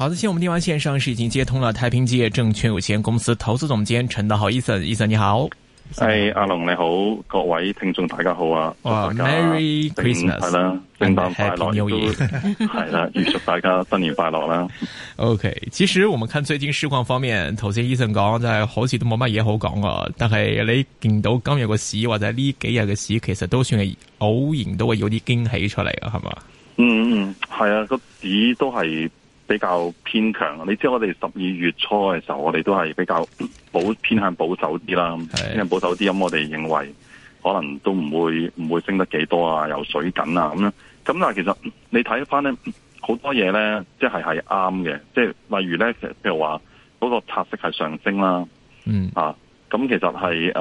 好的，先我們電話線上是已經接通了太平基業證券有限公司投資總監陳德豪醫生，醫、e、生、e、你好，係、哎、阿龍你好，各位聽眾大家好啊，哇、oh, 家，Merry Christmas 啦，聖誕快樂，亦係 啦，預祝大家新年快樂啦。 OK，其實我們看最近市況方面，頭先醫生講就係好似都冇乜嘢好講啊，但係你見到今日個市或者呢幾日嘅市，其實都算係偶然都會有啲驚喜出嚟、嗯嗯、啊，係嘛？嗯嗯，係啊，個市都係。比較偏強，你知道我哋十二月初嘅時候，我哋都係比較保偏向保守啲啦，偏向保守啲，咁的我哋認為可能都唔會唔會升得幾多啊，有水緊啊咁樣，咁、嗯、但係其實你睇翻咧，好多嘢咧，即係係啱嘅，即係例如咧，譬如話嗰、嗰個拆息係上升啦，嗯啊，咁其實係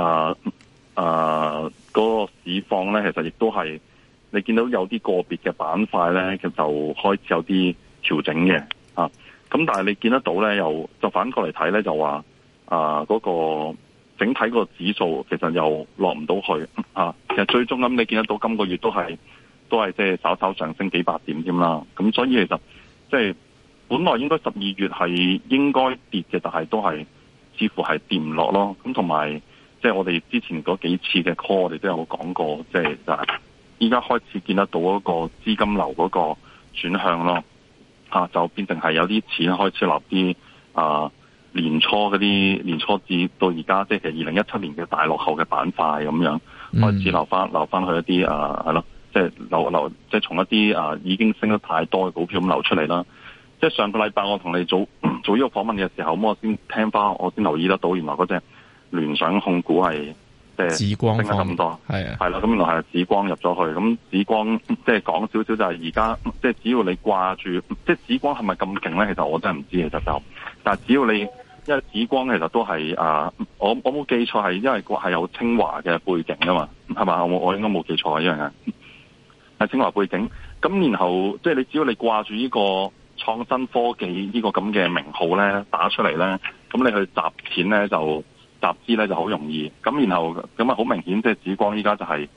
誒嗰個市況咧，其實亦都係你見到有啲個別嘅板塊咧，就開始有啲調整嘅。咁但係你見得到咧，又就反過嚟睇咧，就話啊嗰個整體個指數其實又落唔到去啊。其實最終咁你見得到今個月都係都係即係稍稍上升幾百點添啦。咁所以其實即係本來應該十二月係應該跌嘅，但係都係似乎係跌唔落咯。咁同埋即係我哋之前嗰幾次嘅 call，我哋都有講過，即係就係依家開始見得到嗰個資金流嗰個轉向咯。啊！就變成係有啲錢開始落啲啊，年初嗰啲年初至到而家，即係二零一七年嘅大落後嘅板塊咁樣，嗯、開始留翻留翻去一啲啊係咯，即係、就是、留留即係、就是、從一啲啊已經升得太多嘅股票咁流出嚟啦。即、就、係、是、上個禮拜我同你做、嗯、做呢個訪問嘅時候，咁我先聽翻我先留意得到，原來嗰隻聯想控股係。即紫光升得咁多，係啊的，係啦的，咁原來係紫光入咗去，咁紫光即係講少少就係而家，即係只要你掛住，即係紫光係咪咁勁咧？其實我真係唔知道其實就，但係只要你，因為紫光其實都係誒、啊，我我冇記錯係，因為係有清華嘅背景啊嘛，係嘛，我我應該冇記錯一樣嘢，係清華背景，咁然後即係你只要你掛住呢個創新科技呢個咁嘅名號咧，打出嚟咧，咁你去集錢咧就。集資咧就好容易，咁然後咁啊好明顯，即係紫光依家就係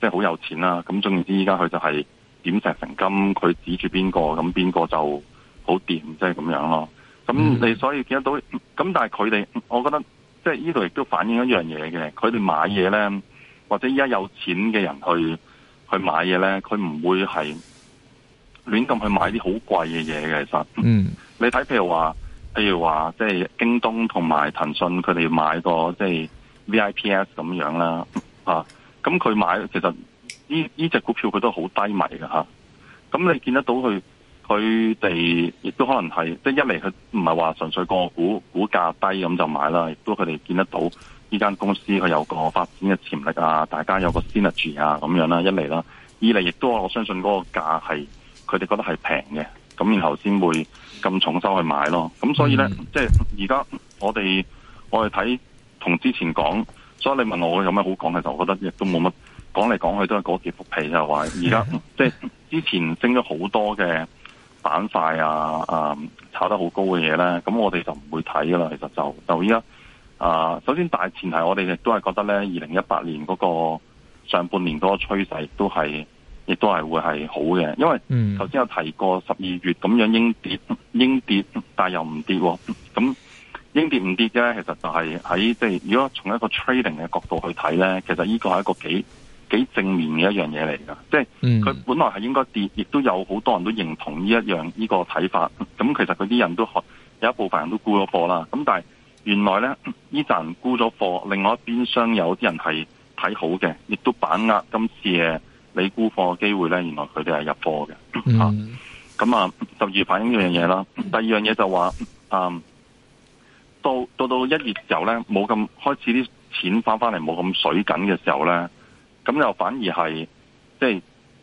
即係好有錢啦。咁總言之，依家佢就係點石成金，佢指住邊個，咁邊個就好掂，即係咁樣咯。咁你所以見得到，咁但係佢哋，我覺得即係呢度亦都反映咗一樣嘢嘅，佢哋買嘢咧，或者依家有錢嘅人去去買嘢咧，佢唔會係亂咁去買啲好貴嘅嘢嘅，其實。嗯。你睇譬如話。譬如話，即係京東同埋騰訊，佢哋買個即係 VIPS 咁樣啦，啊，咁佢買其實呢呢隻股票佢都好低迷嘅吓。咁、啊、你見得到佢佢哋亦都可能係，即係一嚟佢唔係話純粹個股股價低咁就買啦，亦都佢哋見得到呢間公司佢有個發展嘅潛力啊，大家有個 synergy 啊咁樣啦，一嚟啦、啊，二嚟亦都我相信嗰個價係佢哋覺得係平嘅。咁然後先會咁重手去買咯，咁所以呢，嗯、即係而家我哋我哋睇同之前講，所以你問我有咩好講嘅時候，我覺得亦都冇乜講嚟講去都係嗰幾副皮，就話而家，即係之前升咗好多嘅板塊啊啊，炒得好高嘅嘢呢，咁我哋就唔會睇噶啦。其實就就依家啊，首先大前提我哋亦都係覺得呢，二零一八年嗰個上半年嗰個趨勢都係。亦都係會係好嘅，因為頭先有提過十二月咁樣應跌應跌，但又唔跌喎、哦。咁應跌唔跌咧，其實就係喺即係，如果從一個 trading 嘅角度去睇咧，其實呢個係一個幾幾正面嘅一樣嘢嚟㗎。嗯、即係佢本來係應該跌，亦都有好多人都認同呢一樣呢、這個睇法。咁其實佢啲人都有一部分人都沽咗貨啦。咁但係原來咧呢站沽咗貨，另外一邊商有啲人係睇好嘅，亦都把握今次嘅。睇沽貨嘅機會咧，原來佢哋係入貨嘅。吓、嗯，咁啊，十二反映呢樣嘢啦。第二樣嘢就話，嗯，到到到一月時候咧，冇咁開始啲錢翻翻嚟，冇咁水緊嘅時候咧，咁又反而係，即係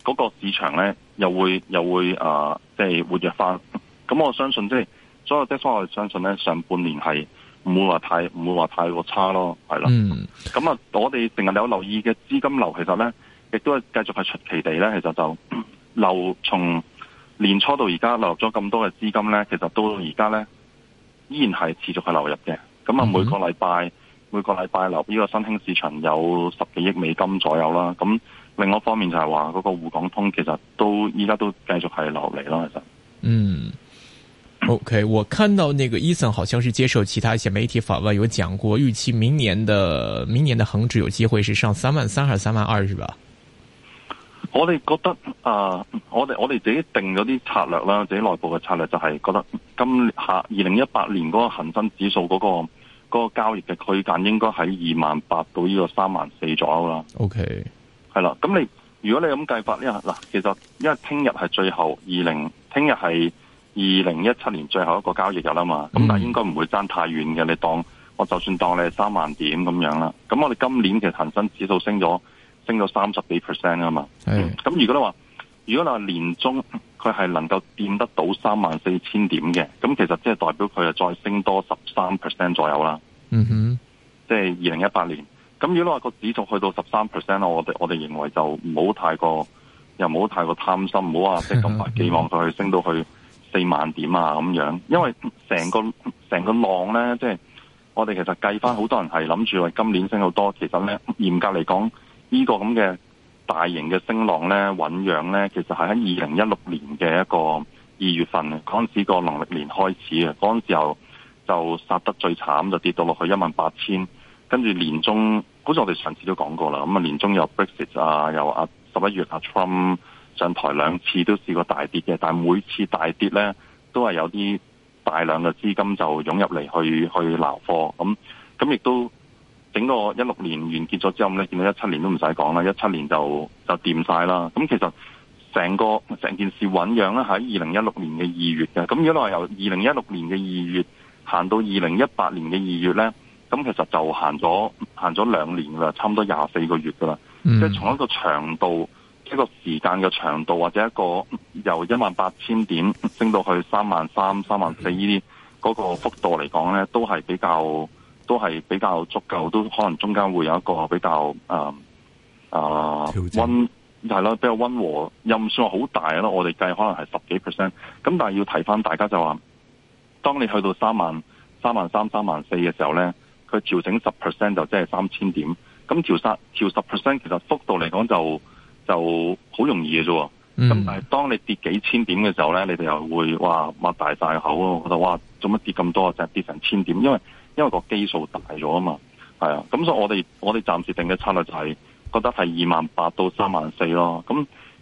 嗰、那個市場咧又會又會啊、呃，即係活躍翻。咁我相信即係所有即幅，我哋相信咧，上半年係唔會話太唔會話太過差咯，係咯。咁啊、嗯，我哋成日有留意嘅資金流，其實咧，亦都係繼續係出奇地咧，其實就流從年初到而家流入咗咁多嘅資金咧，其實到而家咧依然係持續係流入嘅。咁啊，每個禮拜每個禮拜流呢個新興市場有十幾億美金左右啦。咁另外一方面就係話嗰個滬港通其實都依家都繼續係流嚟啦，其實。嗯，OK，我看到那個 Eason 好像是接受其他一些媒體訪問，有講過預期明年的明年的恒指有機會是上三萬三，還是三萬二，是吧？我哋覺得啊、呃，我哋我哋自己定咗啲策略啦，自己內部嘅策略就係覺得今下二零一八年嗰個恆生指數嗰個嗰個交易嘅區間應該喺二萬八到呢個三萬四左右啦。OK，係啦。咁你如果你咁計法呢，嗱，其實因為聽日係最後二零，聽日係二零一七年最後一個交易日啦嘛。咁、嗯、但係應該唔會爭太遠嘅。你當我就算當你係三萬點咁樣啦。咁我哋今年其實恆生指數升咗。升到三十幾 percent 啊嘛，咁的、嗯、如果你話，如果話年中佢係能夠掂得到三萬四千點嘅，咁其實即係代表佢係再升多十三 percent 左右啦。嗯哼，即係二零一八年。咁如果話個指數去到十三 percent，我哋我哋認為就唔好太過，又唔好太過貪心，唔好話即係咁快寄望佢去升到去四萬點啊咁樣。因為成個成個浪咧，即、就、係、是、我哋其實計翻，好多人係諗住話今年升好多，其實咧嚴格嚟講。呢個咁嘅大型嘅升浪咧，醞釀咧，其實係喺二零一六年嘅一個二月份，嗰陣時個農曆年開始嘅，嗰時候就殺得最慘，就跌到落去一萬八千，跟住年中，好似我哋上次都講過啦，咁啊年中有 Brexit 啊，又啊十一月阿 Trump 啊上台兩次都試過大跌嘅，但每次大跌咧，都係有啲大量嘅資金就湧入嚟去去撈貨，咁咁亦都。整個一六年完結咗之後，呢咧見到一七年都唔使講啦，一七年就就掂晒啦。咁其實成個成件事醞釀咧喺二零一六年嘅二月嘅，咁如果話由二零一六年嘅二月行到二零一八年嘅二月咧，咁其實就行咗行咗兩年啦，差唔多廿四個月噶啦。即係從一個長度，一個時間嘅長度，或者一個由一萬八千點升到去三萬三、三萬四呢啲，嗰個幅度嚟講咧，都係比較。都係比較足夠，都可能中間會有一個比較誒誒溫係咯，比較溫和又唔算好大咯。我哋計可能係十幾 percent，咁但係要提翻大家就話，當你去到三萬、三萬三、三萬四嘅時候咧，佢調整十 percent 就即係三千點，咁調三調十 percent 其實幅度嚟講就就好容易嘅啫。咁、嗯、但係當你跌幾千點嘅時候咧，你哋又會話擘大晒口，覺得哇，做乜跌咁多就啫？就係跌成千點，因為，因為個基數大咗啊嘛，係啊，咁所以我哋我哋暫時定嘅策略就係、是、覺得係二萬八到三萬四咯。咁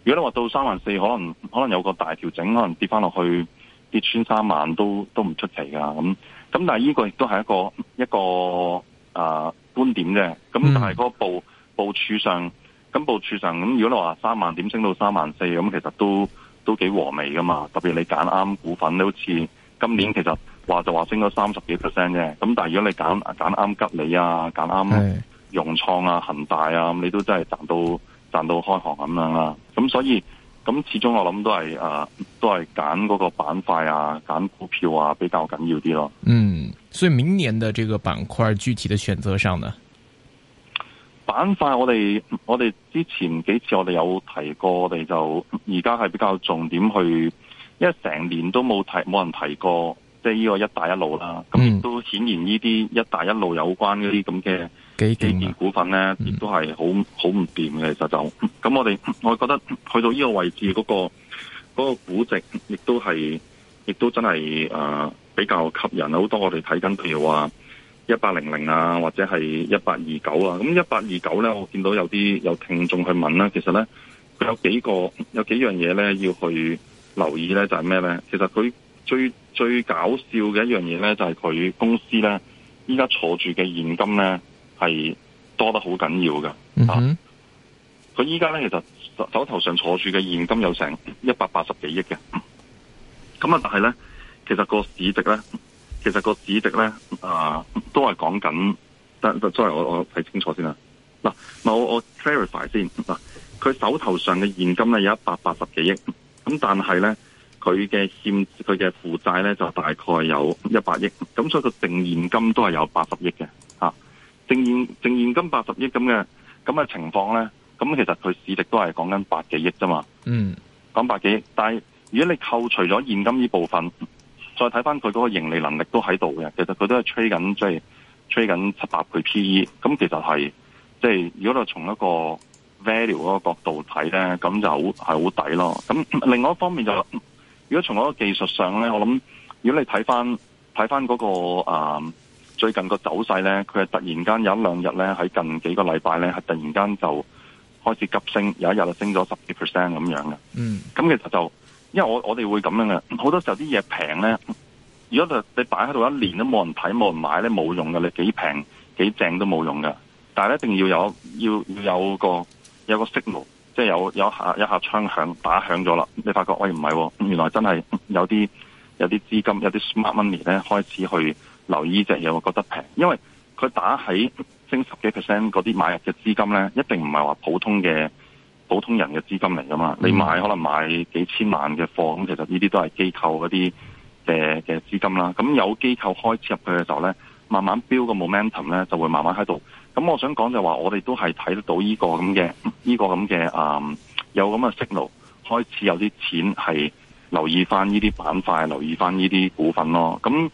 如果你話到三萬四，可能可能有個大調整，可能跌翻落去跌穿三萬都都唔出奇噶。咁咁但係呢個亦都係一個一個啊、呃、觀點啫。咁但係個部部署上咁部署上咁，如果你話三萬點升到三萬四，咁其實都都幾和味噶嘛。特別你揀啱股份，你好似今年其實。話就話升咗三十幾 percent 啫，咁但係如果你揀揀啱吉利啊，揀啱融創啊、恒大啊，咁你都真係賺到賺到開行咁樣啦。咁所以咁始終我諗都係、呃、都係揀嗰個板塊啊，揀股票啊比較緊要啲咯。嗯，所以明年嘅這個板塊具體的選擇上呢？板塊我哋我哋之前幾次我哋有提過，我哋就而家係比較重點去，因為成年都冇提冇人提過。即係呢個一帶一路啦，咁亦都顯然呢啲一帶一路有關嗰啲咁嘅基建股份咧，亦都係好好唔掂嘅。其實就咁，我哋我覺得去到呢個位置，嗰個嗰個估值，亦都係，亦都真係誒比較吸引。好多我哋睇緊，譬如話一八零零啊，或者係一八二九啊。咁一八二九咧，我見到有啲有聽眾去問啦，其實咧佢有幾個有幾樣嘢咧要去留意咧，就係咩咧？其實佢。最最搞笑嘅一樣嘢咧，就係、是、佢，公司咧，依家，坐住嘅現金咧係多得好緊要㗎。啊，佢依家咧其實手頭上坐住嘅現金有成一百八十幾億嘅。咁啊，但係咧，其實個市值咧，其實個市值咧啊，都係講緊。都、啊、係，我我睇清楚先啦。嗱、啊，我我 clarify 先。嗱、啊，佢手頭上嘅現金咧有一百八十幾億。咁但係咧。佢嘅欠，佢嘅負債咧，就大概有一百億。咁所以佢淨現金都係有八十億嘅嚇、啊。淨現淨現金八十億咁嘅咁嘅情況咧，咁其實佢市值都係講緊百幾億啫嘛。嗯，講百幾億。但係如果你扣除咗現金呢部分，再睇翻佢嗰個盈利能力都喺度嘅。其實佢都係吹緊即係吹緊七八倍 P E。咁其實係即係如果我從一個 value 嗰個角度睇咧，咁就好係好抵咯。咁另外一方面就。如果從嗰個技術上咧，我諗，如果你睇翻睇翻嗰個啊最近個走勢咧，佢係突然間有一兩日咧，喺近幾個禮拜咧係突然間就開始急升，有一日就升咗十幾 percent 咁樣嘅。嗯，咁其實就因為我我哋會咁樣嘅，好多時候啲嘢平咧，如果你擺喺度一年都冇人睇冇人買咧，冇用㗎。你幾平幾正都冇用噶。但係一定要有要有個有個 signal 即係有有一下一下槍響打響咗啦，你發覺，喂，唔係喎，原來真係有啲有啲資金有啲 smart money 咧開始去留意隻嘢，我覺得平，因為佢打喺升十幾 percent 嗰啲買入嘅資金咧，一定唔係話普通嘅普通人嘅資金嚟㗎嘛，你買可能買幾千萬嘅貨，咁其實呢啲都係機構嗰啲嘅嘅資金啦。咁有機構開始入去嘅時候咧，慢慢 build 個 momentum 咧，就會慢慢喺度。咁我想講就話，我哋都係睇得到呢個咁嘅，呢個咁嘅啊，有咁嘅 signal，開始有啲錢係留意翻呢啲板塊，留意翻呢啲股份咯。咁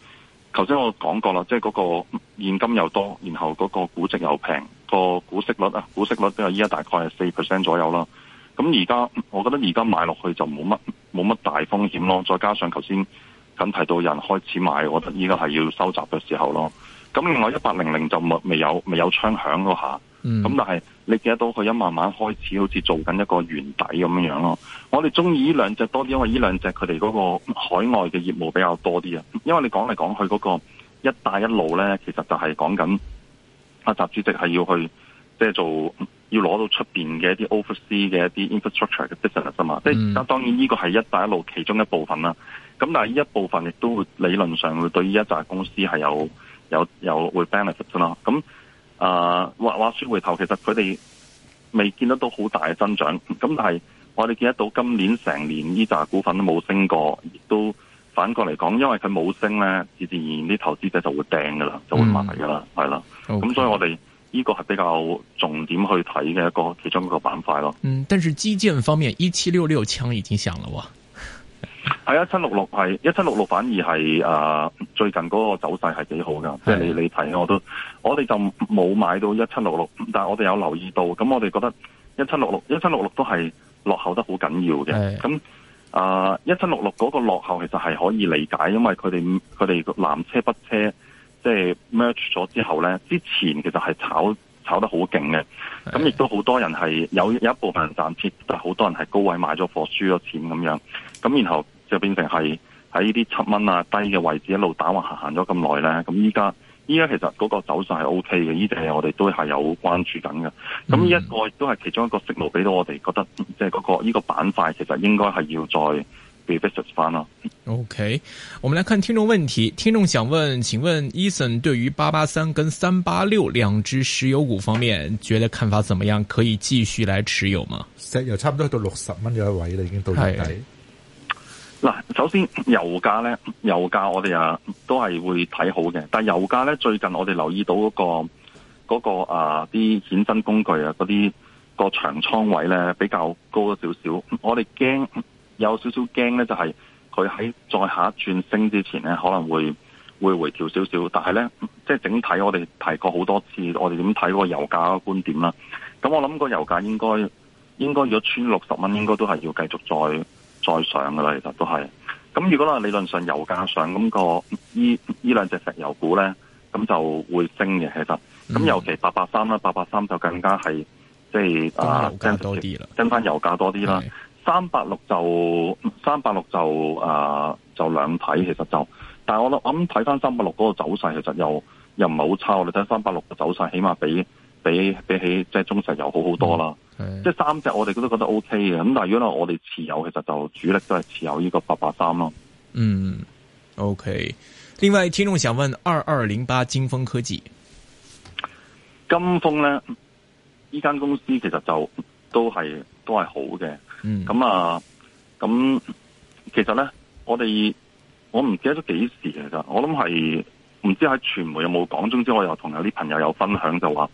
頭先我講過啦，即係嗰個現金又多，然後嗰個估值又平，個股息率啊，股息率都係依家大概係四 percent 左右囉。咁而家我覺得而家買落去就冇乜冇乜大風險咯。再加上頭先咁提到人開始買，我覺得依家係要收集嘅時候咯。咁另外一八零零就未有未有槍響嗰下，咁、嗯、但係你見得到佢一慢慢開始好似做緊一個圓底咁樣囉。咯。我哋鍾意呢兩隻多啲，因為呢兩隻佢哋嗰個海外嘅業務比較多啲啊。因為你講嚟講去嗰個「一帶一路」咧，其實就係講緊阿習主席係要去即係、就是、做，要攞到出面嘅一啲 oversea 嘅一啲 infrastructure 嘅 business 啊嘛、嗯。即係、就是、當然呢個係一帶一路其中一部分啦。咁但係呢一部分亦都會理論上會對呢一紮公司係有。有有會 benefit 咯，咁啊話話說回頭，其實佢哋未見得到好大嘅增長，咁但係我哋見得到今年成年呢扎股份都冇升過，亦都反過嚟講，因為佢冇升咧，自然而然啲投資者就會掟噶啦，就會買噶啦，係啦，咁所以我哋呢個係比較重點去睇嘅一個其中一個板塊咯。嗯，但是基建方面，一七六六槍已經響啦喎。係啊，一七六六係一七六六是，一七六六反而係誒、呃、最近嗰個走勢係幾好噶，即係的你你睇，我都我哋就冇買到一七六六，但係我哋有留意到，咁我哋覺得一七六六一七六六都係落後得好緊要嘅。咁誒的、呃、一七六六嗰個落後其實係可以理解，因為佢哋佢哋南車北車即係 merge 咗之後咧，之前其實係炒炒得好勁嘅，咁亦的都好多人係有有一部分賺錢，但好多人係高位買咗貨，輸咗錢咁樣，咁然後。就變成係喺呢啲七蚊啊低嘅位置一路打橫行咗咁耐咧，咁依家依家其實嗰個走勢係 O K 嘅，呢啲嘢我哋都係有關注緊嘅。咁呢一個亦都係其中一個食路，俾到我哋覺得、那個，即係嗰個呢個板塊其實應該係要再被 visited 翻咯。OK，我們來看聽眾問題。聽眾想問，請問 Eason 對於八八三跟三八六兩支石油股方面，覺得看法怎麼樣？可以繼續來持有嗎？石油差唔多去到六十蚊嘅位啦，已經到年底。嗱，首先油價咧，油價我哋啊都係會睇好嘅。但係油價咧，最近我哋留意到嗰個嗰個啊啲衍生工具啊，嗰啲個長倉位咧比較高咗少少。我哋驚有少少驚咧，就係佢喺再下一轉升之前咧，可能會會回調少少。但係咧，即係整體我哋提過好多次，我哋點睇嗰個油價個觀點啦。咁我諗個油價應該應該如果穿六十蚊，應該都係要繼續再。再上噶啦，其實都係。咁如果啦，理論上油價上，咁、嗰個依依兩隻石油股咧，咁就會升嘅。其實，咁、嗯、尤其八八三啦，八八三就更加係即係啊跟增多啲啦，跟翻油價多啲啦。三八六就三八六就啊、呃、就兩睇其實就，但我諗咁睇翻三八六嗰個走勢其實又又唔係好差。我哋睇三八六嘅走勢，起碼比比比起即係中石油好好多啦。嗯即係三隻，我哋都覺得 O K 嘅，咁但係如果我哋持有，其實就主力都係持有呢個八八三咯。嗯，OK。另外，聽眾想問二二零八金風科技，金風呢，呢間公司其實就都係都係好嘅。咁啊、嗯、咁、嗯嗯、其實呢，我哋我唔記得咗幾時其實我諗係唔知喺傳媒有冇講中，總之我又同有啲朋友有分享就話。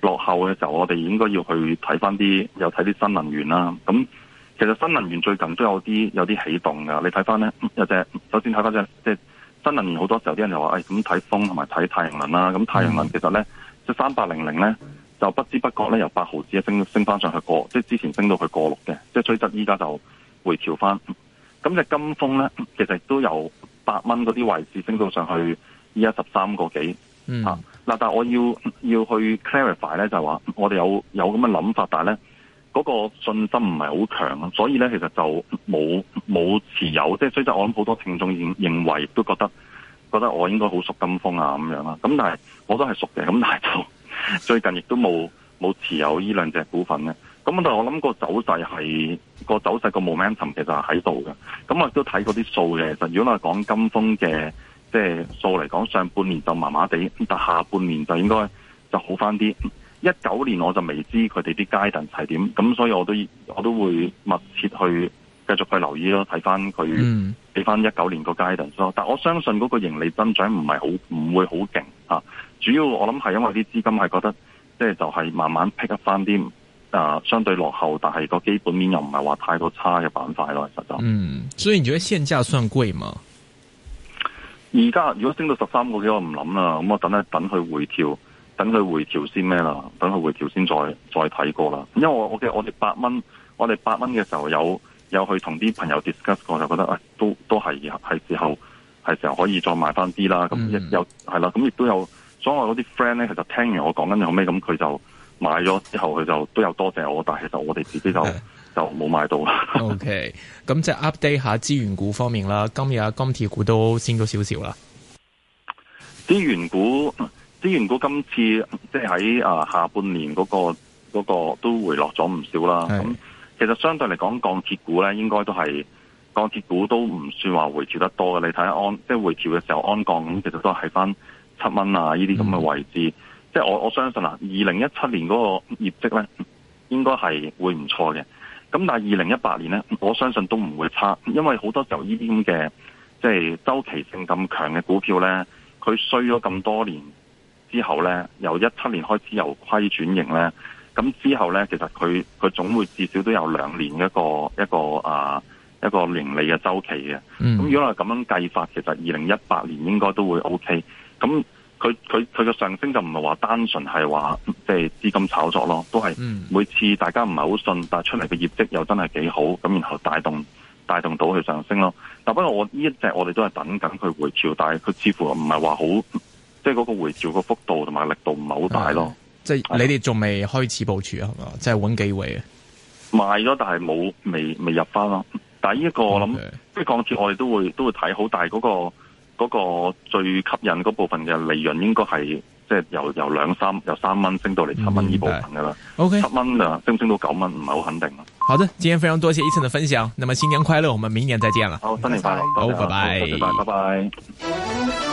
落後嘅時候，我哋應該要去睇翻啲，又睇啲新能源啦。咁其實新能源最近都有啲有啲起動噶。你睇翻咧，有隻首先睇翻隻即係新能源，好多時候啲人就話，誒咁睇風同埋睇太陽能啦。咁太陽能其實咧，即三八零零咧，就不知不覺咧由八毫子一升升翻上去過，即係之前升到去過六嘅，即係追得依家就回調翻。咁嘅金風咧，其實都由八蚊嗰啲位置升到上去個，依家十三個幾。嗯嗱、啊，但我要要去 clarify 咧，就話、是、我哋有有咁嘅諗法，但係咧嗰個信心唔係好強，所以咧其實就冇冇持有，即係，所以即我諗好多聽眾認認為都覺得覺得我應該好熟金風啊咁樣啦，咁但係我都係熟嘅，咁但係就最近亦都冇冇持有呢兩隻股份咧，咁但係我諗個走勢係個走勢個 momentum 其實係喺度嘅，咁我亦都睇過啲數嘅，其、就、實、是、如果我講金風嘅。即係數嚟講，上半年就麻麻地，但下半年就應該就好翻啲。一九年我就未知佢哋啲階段係點，咁所以我都我都會密切去繼續去留意咯，睇翻佢睇翻一九年個階段咯。但我相信嗰個盈利增長唔係好唔會好勁啊。主要我諗係因為啲資金係覺得即係就係、是、慢慢 pick up 翻啲啊相對落後，但係個基本面又唔係話太過差嘅板塊咯。其實就嗯，所以你覺得現價算貴嘛。而家如果升到十三個幾，我唔諗啦。咁我等一等佢回調，等佢回調先咩啦？等佢回調先再再睇過啦。因為我我記得我哋八蚊，我哋八蚊嘅時候有有去同啲朋友 discuss 過，就覺得誒、哎、都都係係時候係時候可以再買翻啲啦。咁亦、mm hmm. 有係啦，咁亦都有。所以嗰啲 friend 咧，其實聽完我講緊後尾，咁佢就買咗之後，佢就都有多謝我。但係其實我哋自己就。Yeah. 就冇買到啦。O K，咁即係 update 下資源股方面啦。今日鋼鐵股都升咗少少啦。資源股，資源股今次即係喺啊下半年嗰個嗰個都回落咗唔少啦。咁是 其實相對嚟講，鋼鐵股咧應該都係鋼鐵股都唔算話回調得多嘅。你睇下安，即係回調嘅時候安鋼咁其實都係翻七蚊啊呢啲咁嘅位置。嗯、即係我我相信啦二零一七年嗰個業績咧，應該係會唔錯嘅。咁但係二零一八年呢，我相信都唔會差，因為好多時候就呢啲咁嘅，即係周期性咁強嘅股票呢，佢衰咗咁多年之後呢，由一七年開始由虧轉型呢。咁之後呢，其實佢佢總會至少都有兩年一個一個啊一個盈利嘅周期嘅。咁、嗯、如果係咁樣計法，其實二零一八年應該都會 OK。咁佢佢佢嘅上升就唔係話單純係話即係資金炒作咯，都係每次大家唔係好信，但係出嚟嘅業績又真係幾好，咁然後帶動帶動到去上升咯。但不過我呢一隻我哋都係等緊佢回調，但係佢似乎唔係話好即係嗰個回調個幅度同埋力度唔係好大咯。啊、即係你哋仲未開始部署、係咪、機啊？即係搵機會，賣咗但係冇未未入翻咯。但係呢一個我諗即係鋼鐵我哋都會都會睇好，但係嗰、嗰個。嗰個最吸引嗰部分嘅利潤應該係即係由由兩三由三蚊升到嚟七蚊呢部分噶啦，OK，七蚊啊升升到九蚊唔係好肯定。好的，今天非常多謝 Eason 嘅分享，那麼新年快樂，我們明年再見啦。好，新年快樂，好，拜拜，拜拜。